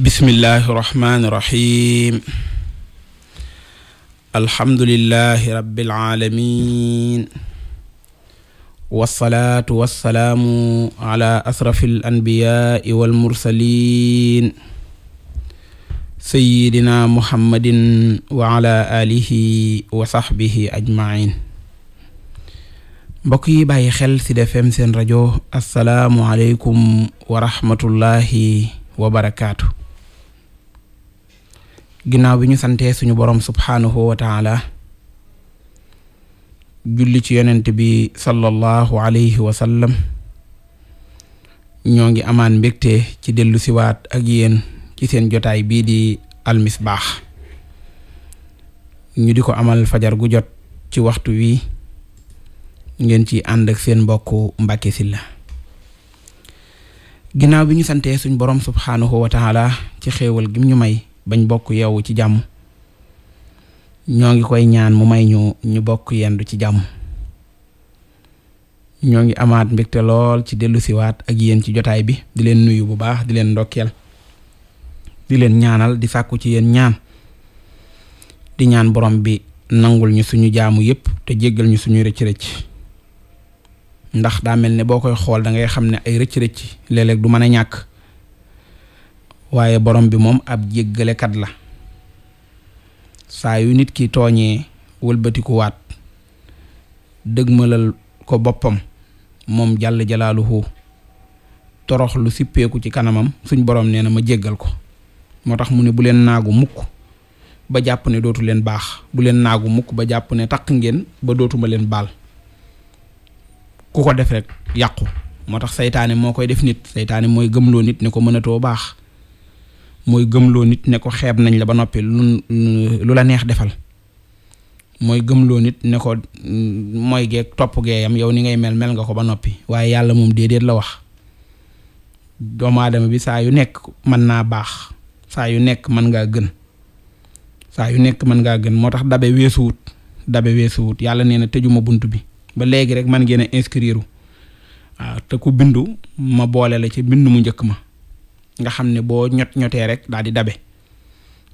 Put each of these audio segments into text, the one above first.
bismillahi irrahmani irrahim alhamdulilahi rabilaalamin walsalaatu walsalaamu ala asrafi alanbiyaai walmursalin sayidina muhammadin wa ala alihi wa saxbihi ajmain mbokk yi bàyyi xel ci Sud FM seen rajo asalaamualeykum wa rahmatullahi wa barakaatu ginnaaw bi ñu santee suñu borom subhaanahu wa taala julli ci yonent bi sallallahu alayhi wa sallam ñoo ngi amaan mbégte ci dellu siwaat ak yéen ci seen jotaay bii di almisbaax ñu di ko amal fajar gu jot ci waxtu wi ngeen ci ànd seen mbokk Mbacke Sylla ginnaaw bi ñu santee suñu borom subhaanahu wa taala ci xéewal gim ñu may bañ bokk yeewu ci jàmm ñoo ngi koy ñaan mu may ñu ñu bokk yendu ci jàmm ñoo ngi amaat mbégte lool ci dellusiwaat ak yéen ci jotaay bi di leen nuyu bu baax di leen ndokkeel di leen ñaanal di sàkku ci yéen ñaan di ñaan borom bi nangul ñu suñu jaamu yépp te jéggal ñu suñuy rëcc-rëcc ndax daa mel ni boo koy xool da ngay xam ne ay rëcc-rëcc léeg du mën a ñàkk waaye borom bi moom ab jéggalekat la saa yu nit ki tooñee wëlbatiku waat dëgmalal ko boppam moom jàll jalaaluhu torox lu sippeeku ci kanamam suñ borom nee na ma jéggal ko moo tax mu ne bu leen naagu mukk ba jàpp ne dootu leen baax bu leen naagu mukk ba jàpp ne taq ngeen ba dootuma leen baal ku ko def rek yàqu moo tax seytaane moo koy def nit seytaane mooy gëmloo nit ne ko mënatoo baax mooy gëmloo nit ne ko xeeb nañ la ba noppi lu lu la neex defal mooy gëmloo nit ne ko mm, mooy geeg topp geeyam yow ni ngay mel mel nga ko ba noppi waaye yàlla moom déedéet la wax doomu aadama bi saa yu nekk mën naa baax saa yu nekk mën ngaa gën saa yu nekk mën ngaa gën moo tax dabe weesuwut dabe weesuwut yàlla nee na tëjuma bunt bi ba léegi rek man ngeen a inscrire waaw te ku bindu ma boole la ci bindu mu njëkk ma nga xam ne boo ñot ñotee rek daal di dabe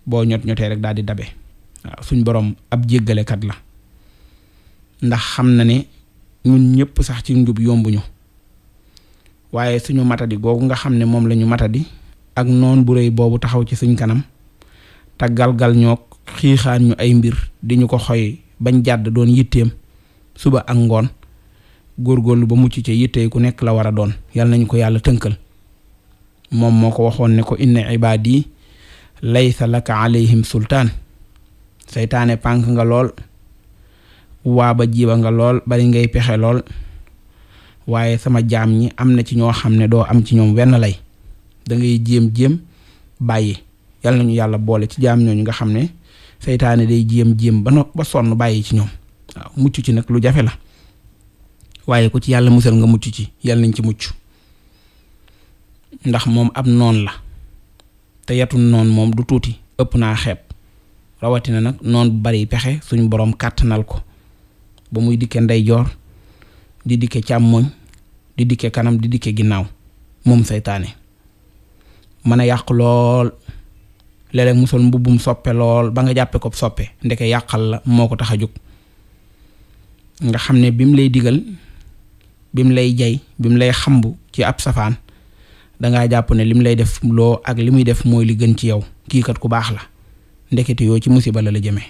boo ñot ñotee rek daal di dabe waaw suñ boroom ab jéggalekat la ndax xam na ne ñun ñëpp sax ci njub yombuñu waaye suñu matadi googu nga xam ne moom lañu ñu matadi ak noon bu rëy boobu taxaw ci suñ kanam taggalgal ñook xiixaan ñu ay mbir di ñu ko xoy bañ jàdd doon yitteem suba ak ngoon góor góorgóorlu ba mucc ca yittee ku nekk la war a doon yàlla nañu ko yàlla tënkal moom moo ko waxoon ne ko indi inna ibaadi laysa laka alayhim sultaan seytaane pànk nga lool waa waaba jiiba nga lool bari ngay pexe lool waaye sama jaam ñi am na ci ñoo xam ne doo am ci ñoom wenn lay dangay jéem-jéem bàyyi yal ñu yàlla boole ci jaam ñooñu nga xam ne seytaane day jéem-jéem ba no ba sonn bàyyi ci ñoom waaw mucc ci nag lu jafe la waaye ku ci yàlla musal nga mucc ci yal nañ ci mucc ndax moom ab noon la te yatu noon moom du tuuti ëpp naa xeeb rawatina nag noon bu bari pexe suñ boroom kàttanal ko ba muy dikke ndeyjoor di dikke càmmoñ di dikke kanam di dikke ginnaaw moom seytaane mën a yàq lool léeg-léeg mu sol soppe lool ba nga jàppee ko soppe ndeke yàqal la moo ko tax a jóg nga xam ne bim lay digal bim lay jay bim lay xambu ci ab safaan dangaa jàpp ne lim lay def loo ak li muy def mooy li gën ci yow kii kat ku baax la ndekete yoo ci musiba la la jëmee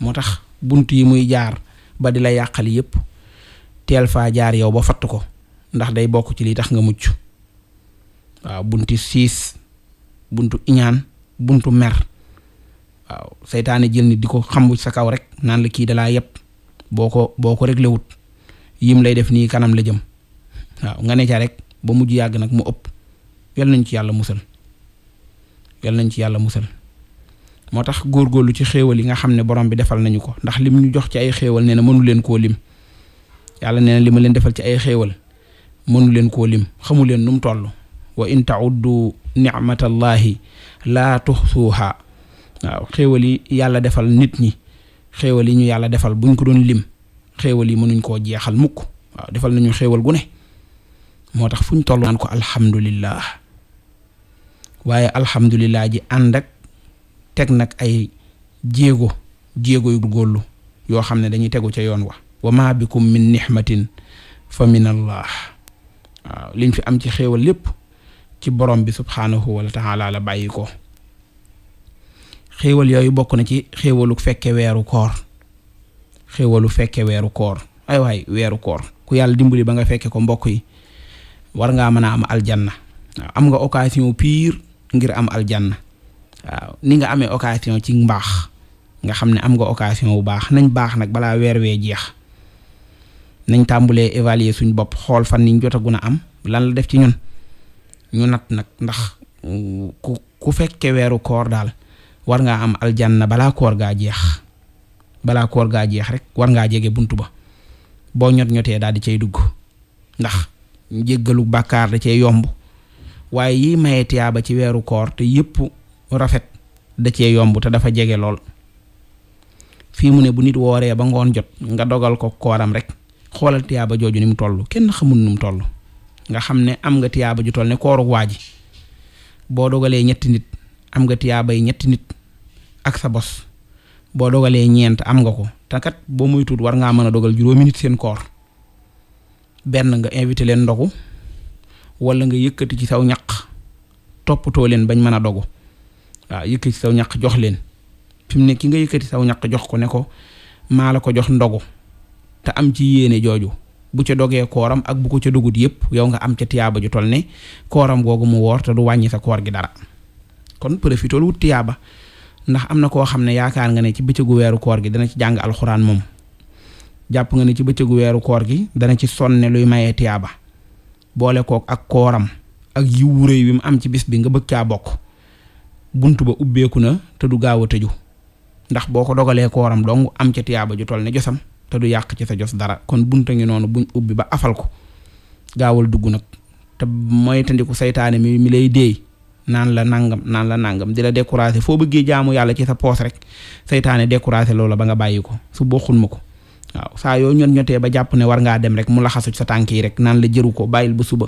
moo tax bunt yi muy jaar ba di la yàqal yépp teel faa jaar yow ba fatt ko ndax day bokk ci li tax nga mucc waaw bunt siis buntu iñaan buntu mer waaw seytaane jël ni di ko xambu sa kaw rek naan la kii dalaa yépp boo ko boo ko rek lewut yim lay def nii kanam la jëm waaw nga ne ca rek ba mujj yàgg nag mu ëpp yal nañ ci yàlla musal yal nañ ci yàlla musal moo tax góorgóorlu ci xéewal yi nga xam ne borom bi defal nañu ko ndax lim ñu jox ci ay xéewal nee na mënu leen koo lim yàlla nee lima leen defal ci ay xéewal mënu leen koo lim xamu leen nu mu toll wa in tauddu nicmatallahi laa tuxsuuha waaw xéewal yi yàlla defal nit ñi xéewal yi ñu yàlla defal buñ ko doon lim xéewal yi mënuñ koo jeexal mukk waaw defal nañu xéewal gu ne moo tax fuñ toll naan ko alhamdulillah waaye alhamdulilah ji ànd ak teg nag ay jéego jéego yu góorlu yoo xam ne dañuy tegu ca yoon wa wa ma bikum min nixmatin fa min allah liñ fi am ci xéewal lépp ci borom bi subhaanahu wa taala la bàyyi ko xéewal yooyu bokk na ci xéewalu fekke weeru koor xéewalu fekke weeru koor ay waay weeru koor ku yàlla dimbali ba nga fekke ko mbokk yi war ngaa mën a am aljanna am nga occasion pire ngir am aljanna waaw ni nga amee occasion ci mbaax nga xam ne am nga occasion bu baax nañ baax nag balaa weer wee jeex nañ tàmbulee évaluer suñ bopp xool fan niñ jot a gun a am lan la def ci ñun ñu nat nag ndax ku ku fekke weeru koor daal war ngaa am aljanna balaa koor gaa jeex balaa koor gaa jeex rek war ngaa jege bunt ba boo ñot ñotee daal di cay dugg ndax jéggalu bàkkaar da cee yomb waaye yi maye tiyaaba ci weeru koor te yëpp rafet da cee yomb te dafa jege lool fii mu ne bu nit wooree ba ngoon jot nga dogal ko kooram rek xoolal tiyaaba jooju ni mu toll kenn xamul nu mu toll nga xam ne am nga tiyaaba ju toll ne kooru waa ji boo dogalee ñetti nit am nga tiyaabay ñetti nit ak sa bos boo dogalee ñeent am nga ko te kat boo muy tuut war ngaa mën a dogal juróomi nit seen koor benn nga invité leen ndogu wala nga yëkkati ci saw ñaq toppatoo leen bañ mën a dogu waaw yëkkati saw ñaq jox leen fi mu ne ki nga yëkkati saw ñaq jox ko ne ko maa la ko jox ndogu te am ci yéene jooju bu ca dogee kooram ak bu ko ca dogut yépp yow nga am ca tiyaaba ju tol ne kooram googu mu woor te du wàññi sa koor gi dara kon profitool wut tiyaaba ndax am na koo xam ne yaakaar nga ne ci bëccëgu weeru koor gi dana ci jàng alxuraan moom jàpp nga ne ci bëccëgu weeru koor gi dana ci sonne luy mayee tiyaaba boole kook ak kooram ak yiwu réy wi mu am ci bis bi nga bëgg caa bokk bunt ba ubbeeku na te du gaaw a tëju ndax boo ko dogalee kooram dong am ca tiyaaba ju toll ne josam te du yàq ci sa jos dara kon bunta ngi noonu buñ ubbi ba afal ko gaawal dugg nag te moytandiku seytaane mi mi lay déey naan la nangam naan la nangam di la découragé foo bëggee jaamu yàlla ci sa poos rek saytaane découragé loola ba nga bàyyi ko su bokkul ma ko waaw saa yoo ñot ñotee ba jàpp ne war ngaa dem rek mu laxasu sa tànk yi rek naan la jëru ko bàyyil ba suba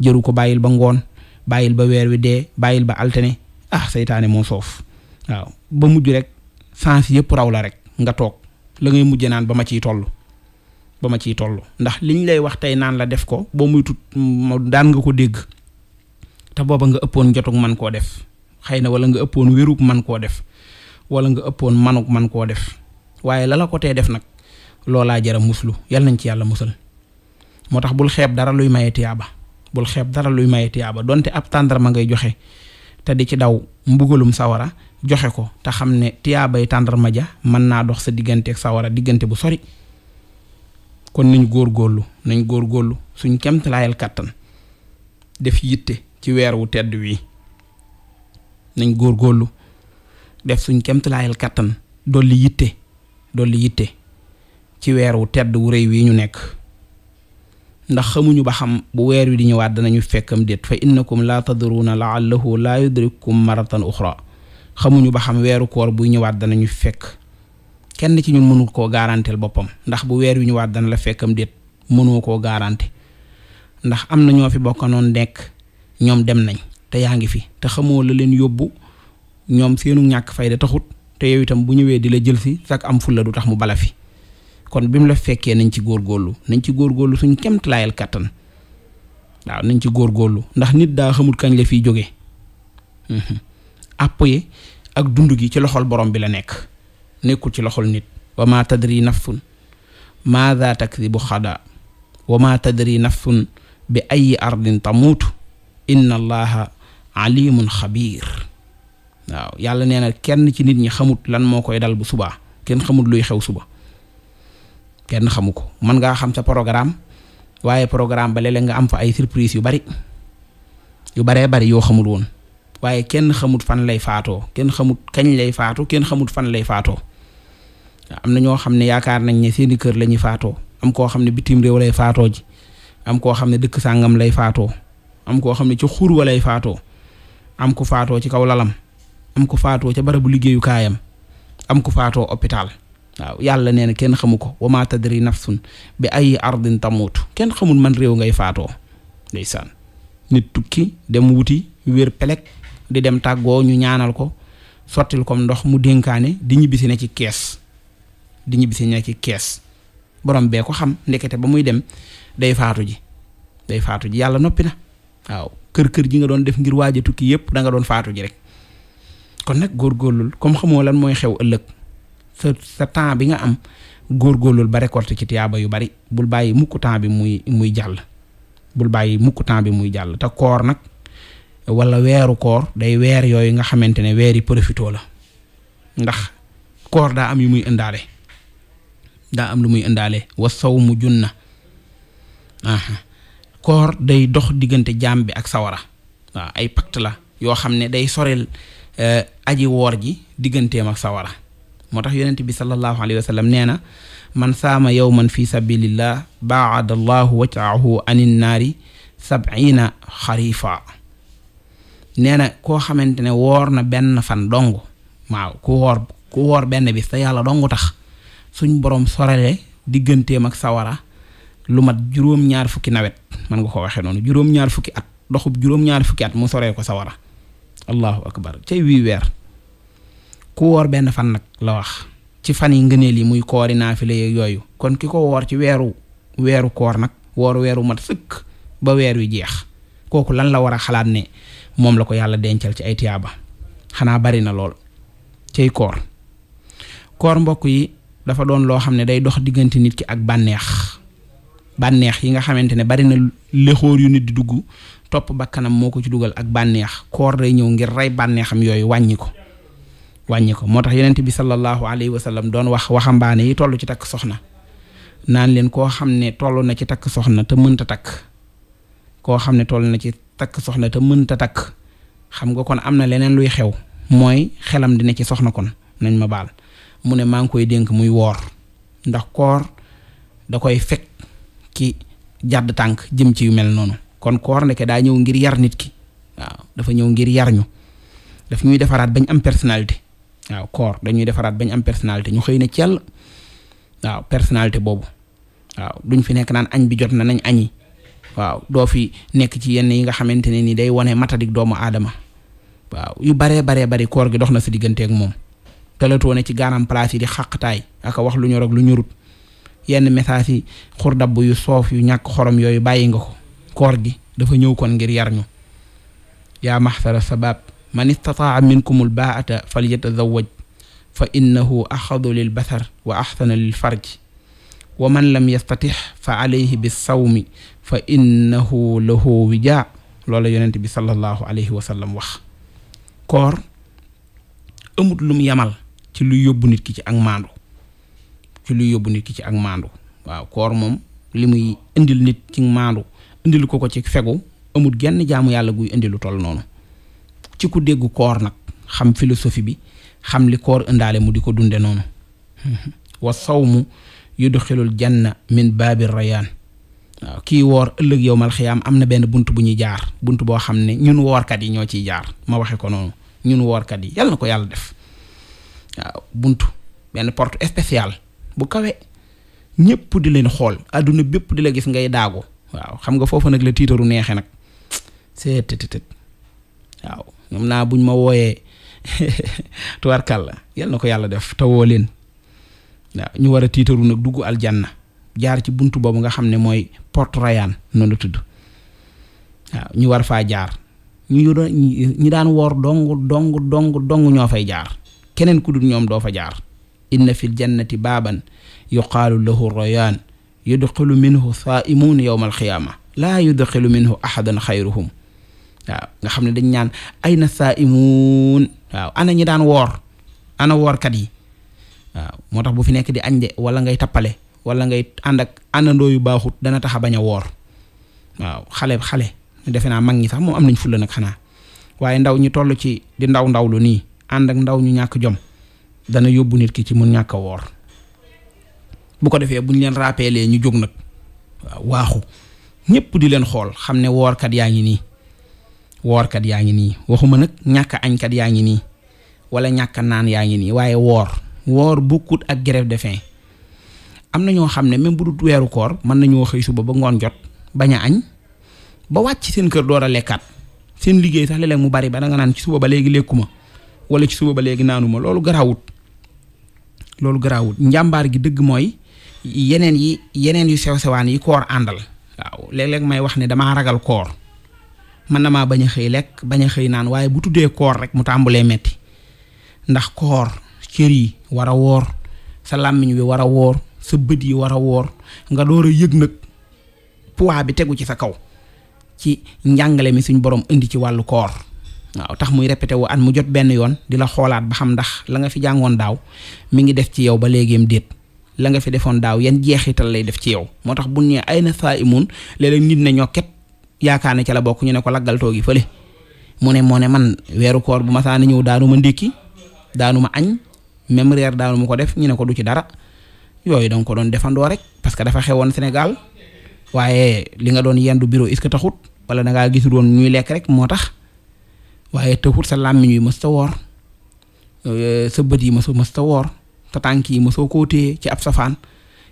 jëru ko bàyyil ba ngoon bàyyil ba weer wi dee bàyyil ba altine ah seytaane moo soof waaw ba mujj rek sens yëpp raw la rek nga toog la ngay mujje naan ba ma ciy toll ba ma ciy toll ndax liñ lay wax tey naan la def ko boo muy tut daan nga ko dégg te booba nga ëppoon jotug man koo def xëy na wala nga ëppoon wérug man koo def wala nga ëppoon manug man koo def waaye la ko tee def nag loolaa jara muslu yal nañ ci yàlla musal moo tax bul xeeb dara luy maye tiyaaba bul xeeb dara luy maye tiyaaba donte ab tàndarma ngay joxe te di ci daw mbugalum sawara joxe ko te xam ne tiyaabay tàndarma ja mën naa dox sa digganteeg sawara diggante bu sori kon nañ góorgóorlu nañ góorgóorlu suñ kemtalaayal kàttan def yitte ci weer wu tedd wii nañ góorgóorlu def suñ kemtalaayal kàttan dolli yitte dolli yitte ci weer wu tedd wu rëy wii ñu nekk ndax xamuñu ba xam bu weer wi di ñëwaat danañu fekkam déet fa innakum laa tadruuna laallahu laa yudrikkum maratan uxra xamuñu ba xam weeru koor buy ñëwaat danañu fekk kenn ci ñun mënu koo gaaranteel boppam ndax bu weer wi ñëwaat dana la fekkam déet mënoo koo garanti ndax am na ñoo fi bokkanoon nekk ñoom dem nañ te yaa ngi fi te xamoo la leen yóbbu ñoom seenu ñàkk fay fayda taxut te yow itam bu ñëwee di la jëlsi sak am fulla du tax mu bala fi kon bi mu la fekkee nañ ci góor góorlu nañ ci góorgóorlu suñ kemtalaayal kàttan waaw nañ ci góorgóorlu ndax nit daa xamul kañ la fiy jógee mhm. appuye ak dund gi ci loxol borom bi la nekk nekkul ci loxol nit wa ma tadri nafsun maada takdibu xada wa ma tadri nafsun bi ayi ardin tamuutu inna allaha alimun xabiir waaw yàlla nee na kenn ci nit ñi xamut lan moo koy dal bu subaa kenn xamut luy xew suba kenn xamu ko mën ngaa xam sa programme waaye programme ba léeg nga am fa ay surprise yu bari yu baree bari yoo xamul woon waaye kenn xamut fan lay faatoo kenn xamut kañ lay faatu kenn xamut fan lay faatoo am na ñoo xam ne yaakaar nañ ne seeni kër lañuy faatoo am koo xam ne bitim réew lay faatoo ji am koo xam ne dëkk sàngam lay faatoo am koo xam ne ci xur wa lay faatoo am ku faatoo ci kaw lalam am ku faatoo ci barabu liggéeyukaayam am ku faatoo hôpital waaw yàlla nee na kenn xamu ko wa maa tadri sun bi ay ardin tamuutu kenn xamul man réew ngay faatoo ndeysaan nit tukki dem wuti wér pelek di dem tàggoo ñu ñaanal ko sottil kom ndox mu dénkaane di ñibbisi na ci kees di ñibbisi ne ci kees borom bee ko xam ndekete ba muy dem day faatu ji day faatu ji yàlla noppi na waaw kër kër ji nga doon def ngir waaj a tukki yépp da nga doon faatu ji rek kon nag góorgóorlul comme xamoo lan mooy xew ëllëg sa temps bi nga am góorgóorlul ba récolte ci tiyaaba yu bari bul bàyyi mukk temps bi muy muy jàll bul bàyyi mukk temps bi muy jàll te koor nag wala weeru koor day weer yooyu nga xamante ne weer yi profitoo la ndax koor daa am yu muy indaale daa am lu muy indaale wa saw mu junna aha koor day dox diggante jaam bi ak sawara waaw ay pacte la yoo xam ne day sorel eh, aji woor ji digganteem ak sawara moo tax yonent bi sallallahu alayhi wa sallam nee na man saama yowman fi sabilillah baada allahu wajaahu anin naari sabina xarifa nee na koo xamante ne woor na benn fan dong waaw ku woor benn bi sa yàlla dong tax suñ borom sorale digganteem ak sawara lu mat juróom-ñaar fukki nawet man nga ko waxee noonu juróom-ñaar fukki at doxub juróom-ñaar fukki at mu soree ko sawara allahu akbar cay wii weer ku woor benn fan nag la wax ci fan yi ngëneel yi muy koori naafila yeeg yooyu kon ki ko woor ci weeru weeru koor nag woor weeru mat sëkk ba weer wi jeex kooku lan la war a xalaat ne moom la ko yàlla dencal ci ay tiyaaba xanaa bari na lool cay koor koor mbokk yi dafa doon loo xam ne day dox diggante nit ki ak bànneex bànneex yi nga xamante ne bari na lexóor yu nit di dugg topp bakkanam moo ko ci dugal ak bànneex koor day ñëw ngir rey bànneexam yooyu wàññi wàññi ko moo tax yonent bi sallallahu alayhi wa sallam doon wax waxambaane yi toll ci takk soxna naan leen koo xam ne toll na ci takk soxna te mënta takk koo xam ne toll na ci takk soxna te mënta takk xam nga kon am na leneen luy xew mooy xelam dina ci soxna kon nañ ma baal mu ne maa ngi koy dénk muy woor ndax koor da koy fekk ki jàdd tànk jëm ci yu mel noonu kon koor ndeke daa ñëw ngir yar nit ki waaw dafa ñëw ngir yar ñu daf ñuy defaraat bañ am personnalité waaw corps dañuy defaraat bañ am personnalité ñu xëy na cell waaw personnalité boobu waaw duñ fi nekk naan añ bi jot na nañ añi waaw doo fi nekk ci yenn yi nga xamante ne ni day wane matadik doomu aadama waaw yu baree baree bari koor gi dox na sa digganteeg moom telatoo ne ci gaanam place yi di xàqtaay aka wax lu ñor ak lu ñurut yenn message yi dabb yu soof yu ñàkk xorom yooyu bàyyi nga ko koor gi dafa ñëw kon ngir yar ñu yaa maxsara sabab man istataa minkumul baata falyatazawaj fa innahu axadu lil basar wa axsana lil farj wa man lam yastatix fa alayhi bi sawmi fa innahu lahu wijaa loola yonent bi sallallahu alayhi wa wax koor amut lum yamal ci luy yóbbu nit ki ci ak maandu yóbbu nit ci ak maandu waaw koor moom li muy indil nit ci maandu indil ko ko ci fegu amut genn jaamu yàlla guy indilu toll noonu ci ku dégg koor nag xam philosophie bi xam li koor ëndaale mu di ko dunde noonu wa sawmu yudxilul janna min baabi rayaan waaw kii woor ëllëg yow xiyaam am na benn bunt bu ñuy jaar bunt boo xam ne ñun woorkat yi ñoo ciy jaar ma waxe ko noonu ñun woorkat yi yàlla na ko yàlla def waaw bunt benn porte spéciale bu kawe ñëpp di leen xool àdduna bépp di la gis ngay daagu waaw xam nga foofu nag la tiitaru neexe nag seet tët waaw xam naa buñ ma wooyee tuwarkal la yal na ko yàlla def te woo leen ñu war a tiitaru nag dugg aljanna jaar ci buntu boobu nga xam ne mooy porte Rayaan noonu la tudd ñu war faa jaar ñu ñi daan woor dong dong dong dong ñoo fay jaar keneen ku dul ñoom doo fa jaar inna fil jannati baaban yuqaalu lahu rayaan yudxilu minhu saaimuun yowma alqiyaama laa yudxilu minhu ahadan xayruhum waaw nga xam ne dañ ñaan ay na saa imuun waaw ana ñi daan woor ana woorkat yi waaw moo tax bu fi nekk di añ de wala ngay tappale wala ngay ànd ak àndandoo yu baaxut dana tax a bañ a woor waaw xale xale defe naa mag ñi sax moom am nañ fulla nag xanaa waaye ndaw ñi toll ci di ndaw ndaw lu nii ànd ak ndaw ñu ñàkk jom dana yóbbu nit ki ci mu ñàkk a woor bu ko defee buñ leen rappelé ñu jóg nag waaw waaxu ñëpp di leen xool xam ne woorkat yaa ngi nii. woorkat yaa ngi nii waxuma nag ñàkk añkat yaa ngi nii wala ñàkk naan yaa ngi nii waaye woor woor bokkut ak grève de faim am na ñoo xam ne même bu dut weeru koor mën nañoo xëy suba ba ngoon jot bañ añ ba wàcc seen kër door a lekkaat seen liggéey sax léeg mu bari ba da nga naan ci suba ba léegi lekkuma wala ci suba ba léegi naanuma loolu garaawut loolu garaawut njàmbaar gi dëgg mooy yeneen yi yeneen yu sew sewaan yi koor àndal waaw léeg-léeg may wax ne damaa ragal koor man na maa bañ xëy lekk bañ xëy naan waaye bu tuddee koor rek mu tàmbulee metti ndax koor cër yi war a woor sa làmmiñ wi war a woor sa bët yi war a woor nga door a yëg nag puwaa bi tegu ci sa kaw ci njàngale mi suñ borom indi ci wàllu koor waaw tax muy répété wu at mu jot benn yoon di la xoolaat ba xam ndax la nga fi jàngoon daaw mi ngi def ci yow ba léegim déet la nga fi defoon daaw yan jeexital lay def ci yow moo tax bu nee ay na saa imun léeg yaakaar na ca bokk ñu ne ko laggal toogi fële mu ne moo ne man weeru koor bu ma saa ñëw daanu ma ndékki daanu ma añ même reer daanu ma ko def ñu ne ko du ci dara yooyu da nga ko doon defandoo rek parce que dafa xewoon senegal waaye li nga doon yendu bureau est-ce que taxut wala da gisu gisul woon ñuy lekk rek moo tax waaye taxut sa làmmiñ yi mës ta woor euh, sa bët yi mës mës ta woor tànk yi mësoo koo téye ci ab safaan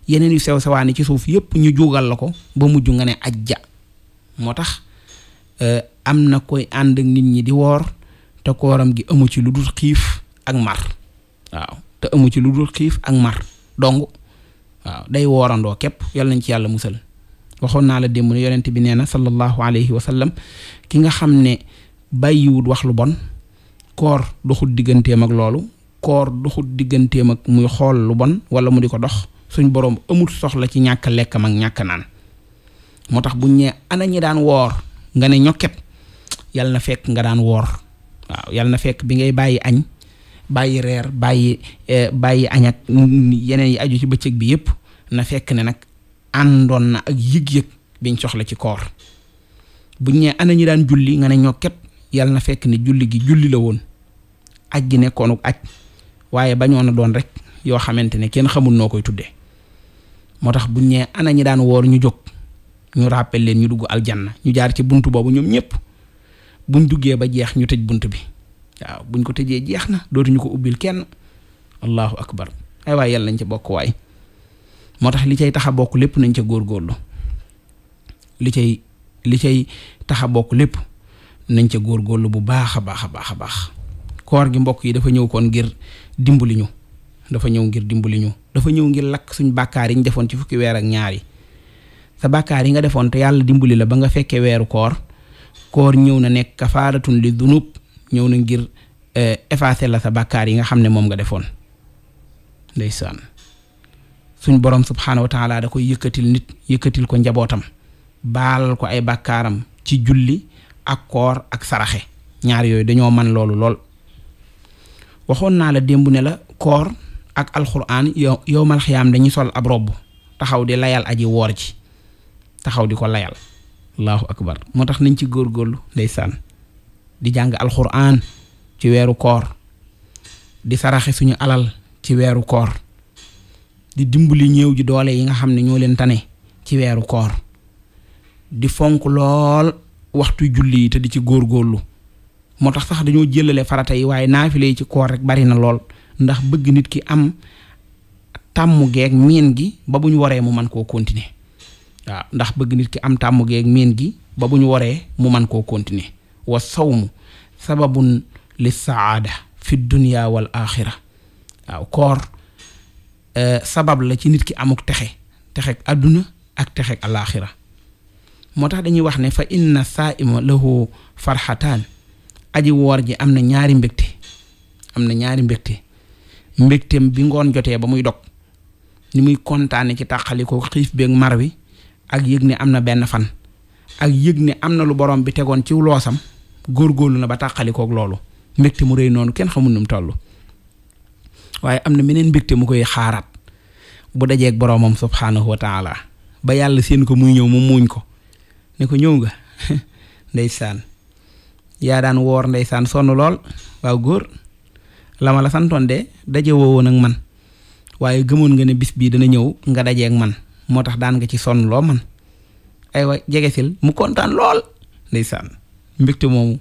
yeneen yu sew sawaan ci suuf yëpp ñu juugal la ko ba moo tax euh, am na koy ànd ak nit ñi di woor te kooram gi amu ci lu dul xiif ak mar waaw te amu ci lu dul xiif ak mar dong waaw day woorandoo képp yàlla nañ ci yàlla musal waxoon naa la démb ne yonent bi nee na sallallahu alayhi wa sallam ki nga xam ne bàyyiwut wax lu bon koor doxul digganteem ak loolu koor doxul digganteem ak muy xool lu bon wala mu di ko dox suñ boroom amul soxla ci ñàkk lekkam ak ñàkk naan moo tax buñ ñee ana ñi daan woor nga ne ñokket yal na fekk nga daan woor waaw yal na fekk bi ngay bàyyi añ bàyyi reer bàyyi eh, bàyyi añ yeneen yi aju ci bëccëg bi yépp na fekk ne nag àndoon na ak yëg-yëg biñ soxla ci koor buñ ñee ana ñi daan julli nga ne ñokket yal na fekk ne julli gi julli la woon aj gi nekkoonuk aj waaye bañoon a doon rek yoo xamante ne kenn xamul noo koy tuddee moo tax buñ ñee ana ñi daan woor ñu jóg ñu rappel leen ñu dugg aljanna ñu jaar ci bunt boobu ñoom ñëpp buñ duggee ba jeex ñu tëj bunt bi waaw buñ ko tëjee jeex na dootuñu ko ubbil kenn allahu akbar ay waay yàlla nañ ci bokk waay moo tax li cay tax a bokk lépp nañ ca góorgóorlu li cay li cay tax a bokk lépp nañ ca góorgóorlu bu baax a baax baax a baax koor gi mbokk yi dafa ñëw kon ngir dimbali ñu dafa ñëw ngir dimbali ñu dafa ñëw ngir lakk suñ bàkkaar yi ñu defoon ci fukki weer ak ñaar yi sa bàkkaar yi nga defoon te yàlla dimbali la ba nga fekkee weeru koor koor ñëw na nekk kafaaratun li dunub ñëw na ngir eh, effacer la sa bàkkaar yi nga xam ne moom nga defoon ndeysaan suñ borom subhaanahu wa da koy yëkkatil nit yëkkatil ko njabootam baalal ko ay bakkaaram ci julli ak koor ak saraxe ñaar yooyu dañoo man loolu lool waxoon naa la démb ne la koor ak alxuraan yow yowmal xiyaam dañuy sol ab robb taxaw di layal aji woor ji taxaw di ko layal allahu akbar moo tax nañ ci góorgóorlu ndeysaan di jàng alxuraan ci weeru koor di saraxe suñu alal ci weeru koor di dimbali ñëw ji doole yi nga xam ne ñoo leen tane ci weeru koor di fonk lool waxtu julli yi te di ci góor góorlu moo tax sax dañoo jëlale farata yi waaye naafile yi ci koor rek bari na lool ndax bëgg nit ki am tàmm geek miin gi ba bu ñu waree mu mën koo continuer waaw ndax bëgg nit ki am tàmm geeg miin gi ba bu ñu waree mu man koo continuer wa sawmu sababun li saada fi dunia wal axira waaw koor euh, sabab la ci nit ki amuk texe texeg àdduna ak texeg alaaxira moo tax dañuy wax ne fa inna saaima lahu farxataan aji woor ji am na ñaari mbégte am na ñaari mbégte mbégteem bi ngoon jotee ba muy dog ni muy kontaane ci tàqalikoo xiif beeg mar wi ak yëg ni am na benn fan ak yëg ne am na lu borom bi tegoon ci loosam góor góorlu na ba taqalikook loolu mbégte mu rëy noonu kenn xamul nu mu toll waaye am na meneen mbégte mu koy xaaraat bu dajeeg boromam subhaanahu wa taala ba yàlla seen ko muy ñëw mu muuñ ko ne ko ñëw nga ndeysaan yaa daan woor ndeysaan sonn lool waaw góor lama la santoon de daje woo man waaye gëmoon nga ne bis bii dana ñëw nga dajeeg man moo tax daan nga ci sonn loo man ay aywa jegesil mu kontaan lool ndeysaan mbégte moomu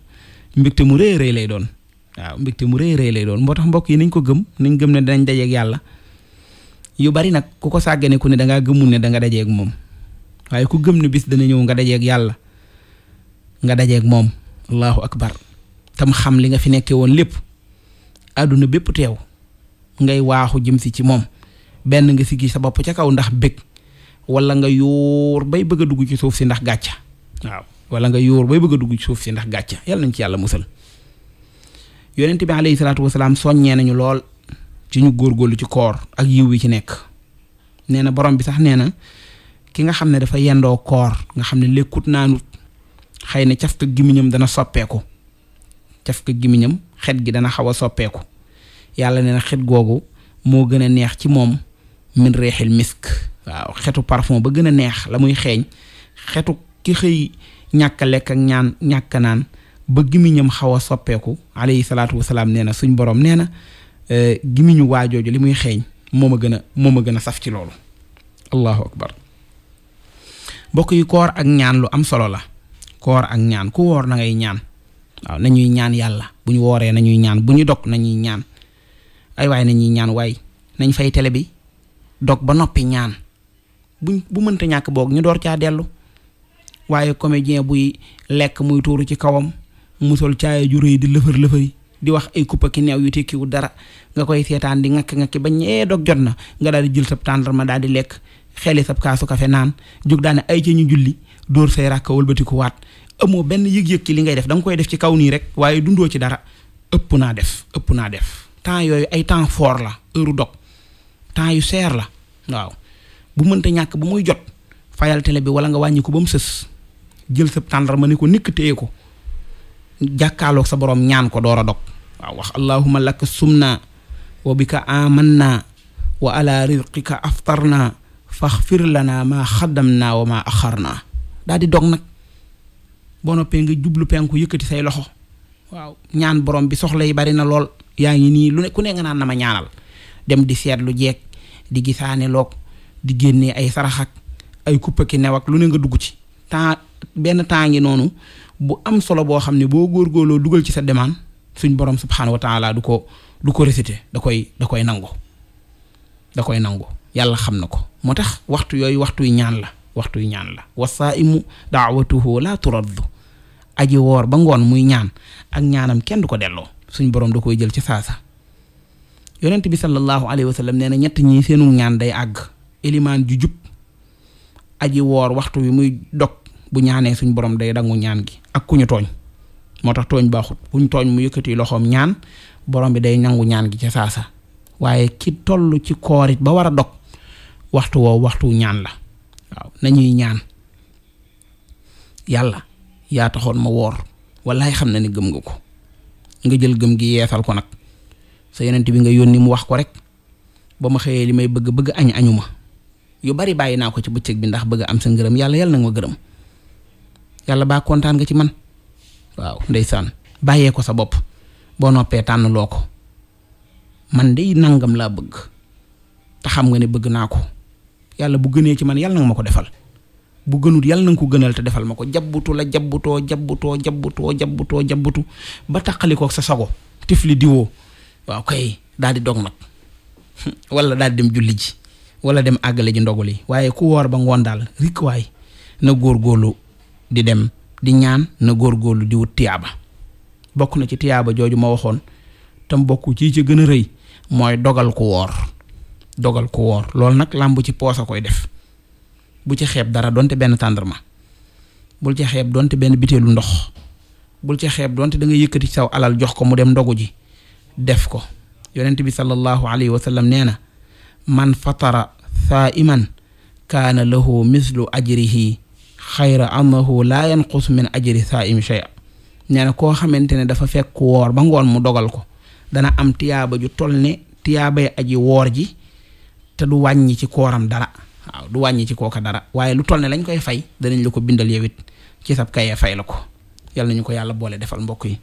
mbégte mu rëy rëy lay doon waaw mbégte mu rëy rëy lay doon moo tax mbokk yi nañ ko gëm nañ gëm ne danañ dajeeg yàlla yu bari nag ku ko sàggane ne dangaa gëmul ne danga dajeek moom waaye ku gëm ne bis dana ñëw nga dajeeg yàlla nga dajeek moom allahu akbar tam xam li nga fi nekkee woon lépp àdduna bépp teew ngay waaxu jëm si ci moom benn nga si gi sa bopp ca kaw ndax bég wala nga yóor bay bëgg a dugg ci suuf si ndax gàcca waaw wala nga yóor bay bëgg a dugg ci suuf si ndax gàcca yàlla nañ ci yàlla musal yonent bi alayhi salaatu wasalaam soññee nañu lool ci ñu góorgóorlu ci koor ak yiw wi ci nekk nee na borom bi sax nee na ki nga xam ne dafa yendoo koor nga xam ne lekkut naanut xëy na caf ka gimiñam dana soppeeku caf ka gimiñam xet gi dana xaw a soppeeku yàlla ne na xet googu moo gën a neex ci moom min reexil misk waaw xetu parfum ba gën a neex la muy xeeñ xetu ki xëy ñàkk lekk ñaan ñàkk naan ba gimiñam xaw a soppeeku alayhi salaatu wasalaam nee na suñ boroom nee na e, gimiñu waajooju li muy xeeñ moo gën a moo ma gën a saf ci loolu allahu akbar mbokk koor ak ñaan lu am solo la koor ak ñaan ku woor na ñaan waaw nañuy ñaan yàlla bu ñu wooree nañuy ñaan bu ñu dog nañuy ñaan ay waaye nañuy ñaan waay nañ fay télé bi dog ba noppi ñaan bu bu mënta ñàkk boog ñu door caa dellu waaye comme comédien buy lekk muy tuuru ci kawam mu sol caaya ju di lëfër lëfëri di wax ay kuppa ki neew yu tekkiwu dara nga koy seetaan di ngakk ngakki ba ñee dog jot na nga daal di jël sab tàndarma daal di lekk xeli sab kaasu kafe naan jóg daane ay ci julli dóor say ràkk wëlbatiku waat amoo benn yëg-yëg li ngay def da nga koy def ci kaw nii rek waaye dundoo ci dara ëpp naa def ëpp naa def temps yooyu ay temps fort la heure dog temps yu seer la waaw bu mënta ñàkk bu muy jot fayal télé bi wala nga wàññi ko ba mu sës jël sa tàndar ma ni ko nikk téye ko jàkkaaloog sa borom ñaan ko door a dog waaw wax allahuma laka sumna wa bika amanna wa ala rizqika aftarna faxfir lana ma xaddamna wa maa axarna di dog nag boo noppee nga jublu penku yëkkati say loxo waaw ñaan borom bi soxla yi bari na lool yaa ngi nii lu ne ku ne nga naan na ma ñaanal dem di seetlu jeeg di gisaane loog di génnee ay sarax ay kuppa ki new lu ne nga dugg ci temps benn temps ngi noonu bu am solo boo xam ne boo góor góorloo dugal ci sa demande suñ borom subxanahu wa taala du ko du ko réciter da koy da koy nangu da koy nangu yàlla xam na ko moo tax waxtu yooyu waxtu yu ñaan la waxtu yu ñaan la wasaimu daawatuhu la turaddu aji woor ba ngoon muy ñaan ak ñaanam kenn du ko delloo suñ borom da koy jël ci saasa yonent bi sallallahu alayhi wa sallam nee na ñett ñii seenu ñaan day àgg. elimaan ju jub aji woor waxtu wi muy dog bu ñaanee suñ borom day dangu ñaan gi ak ku tooñ moo tax tooñ baaxut kuñ tooñ mu yëkkati loxoom ñaan boroom bi day nangu ñaan gi ca saa saasa waaye ki tollu ci koorit ba war a dog waxtu woowu waxtu ñaan la waaw nañuy ñaan yàlla yaa taxoon ma woor wallaay xam na ni gëm nga ko nga jël gëm gi yeesal ko nag sa yonent bi nga yónni mu wax ko rek ba ma xëyee li may bëgg bëgg añ añu ma yu bari bàyyi naa ko ci bëccëg bi ndax bëgg am sa ngërëm yàlla yàlla na nga gërëm yàlla baa kontaan nga ci man waaw ndeysaan bàyyee ko sa bopp boo noppee tànn loo ko man day nangam laa bëgg te xam nga ne bëgg naa ko yàlla bu gënee ci man yàlla nag ma ko defal bu gënut yàlla na ko gënal te defal ma ko jabbutu la jabbutoo jabbutoo jabbutoo jabbutoo jabbutu ba taqalikook sa sago tifli diwoo waaw kay daal di nag wala daal dem julli ji wala dem àggale ji ndogu li waaye ku woor ba ngoon daal rikk waay na góorlu di dem di ñaan na góor góorgóorlu di wut tiyaaba bokk na ci tiyaaba jooju ma waxoon tam bokk ci ci gën a rëy mooy dogal ku woor dogal ku woor loolu nag làmb ci poos a koy def bu ci xeeb dara donte benn tàndarma bul ci xeeb donte benn biteelu ndox bul ci xeeb donte da nga yëkkati saw alal jox ko mu dem ndogu ji def ko yonent bi sallallahu alayhi wa sallam nee na man fatara imaan kaana lahu mislu ajrihi xayra annahu laa yanqus min ajri saa shay nee na koo xamante ne dafa fekk woor ba ngoon mu dogal ko dana am tiyaaba ju toll ne tiyaabay aji woor ji te du wàññi ci kooram dara wàññi ci kooka dara waaye lu toll ne lañ koy fay danañ la ko bindal yow ci sab kayee fay la ko yal nañu ko yàlla boole defal mbokk yi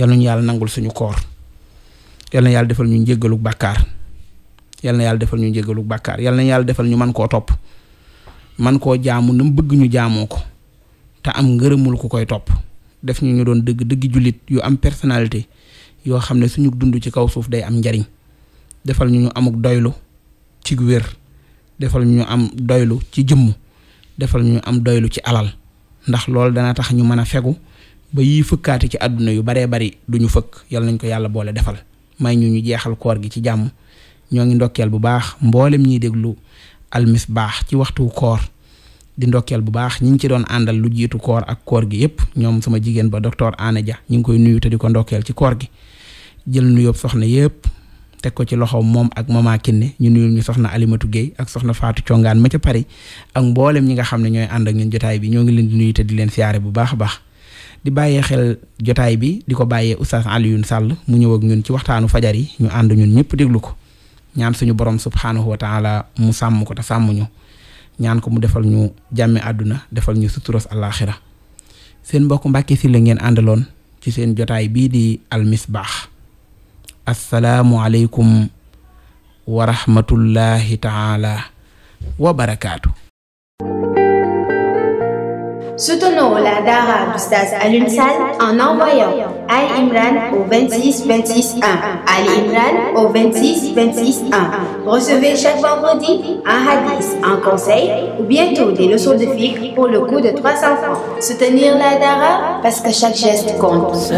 yal yàlla nangul suñu koor yal na yàlla defal ñu njéggalu bàkkaar yal na yàlla defal ñu njégalu bàkkaar yal na yàlla defal ñu man koo topp man koo jaamu na mu bëgg ñu jaamoo ko te am ngërëmul ku koy topp def ñu ñu doon dëgg dëgg jullit yu am personnalité yoo xam ne suñu dund ci kaw suuf day am njariñ defal ñu ñu amuk doylu ci wér defal ñu am doylu ci jëmm defal ñu am doylu ci alal ndax loolu dana tax ñu mën a fegu ba yii fëkkaati ci àdduna yu baree bari duñu fëkk yal nañ ko yàlla boole defal may ñu ñu jeexal koor gi ci jàmm ñoo ngi ndokkeel bu baax mboolem ñiy déglu baax ci waxtu koor di ndokkeel bu baax ñi ngi ci doon àndal lu jiitu koor ak koor gi yépp ñoom sama jigéen ba docteur Ane Dia ñu ngi koy nuyu di ko ndokkeel ci koor gi jël nuyoob soxna yépp teg ko ci loxoom moom ak mama Kinne ñu nuyul ñu soxna Alimatu Guèye ak soxna Faatu Congaan ma ca Paris ak mboolem ñi nga xam ne ñooy ànd ak ñun jotaay bi ñoo ngi leen di nuyu di leen siyaare bu baax a baax di bàyyee xel jotaay bi di ko bàyyee oustaz Alioune sàll mu ñëw ak ñun ci waxtaanu fajar yi ñu ànd ñun ñëpp déglu ko ñaan suñu borom subhaanahu wa taala mu sàmm ko ta sàmm ñaan ko mu defal ñu jàmme àdduna defal ñu suturos àllaaxira seen mbokk Mbàkke Sylla ngeen àndaloon ci seen jotaay bii di Al Misbah asalaamualeykum wa rahmatullahi taala wa barakaatu Soutenons la Dara d'Oustaz Alioune Sall en envoyant Ali Imran au 26 Imran au Recevez chaque vendredi un hadith, un conseil ou bientôt des leçons de pour le coût de Soutenir la Dara parce que chaque geste compte.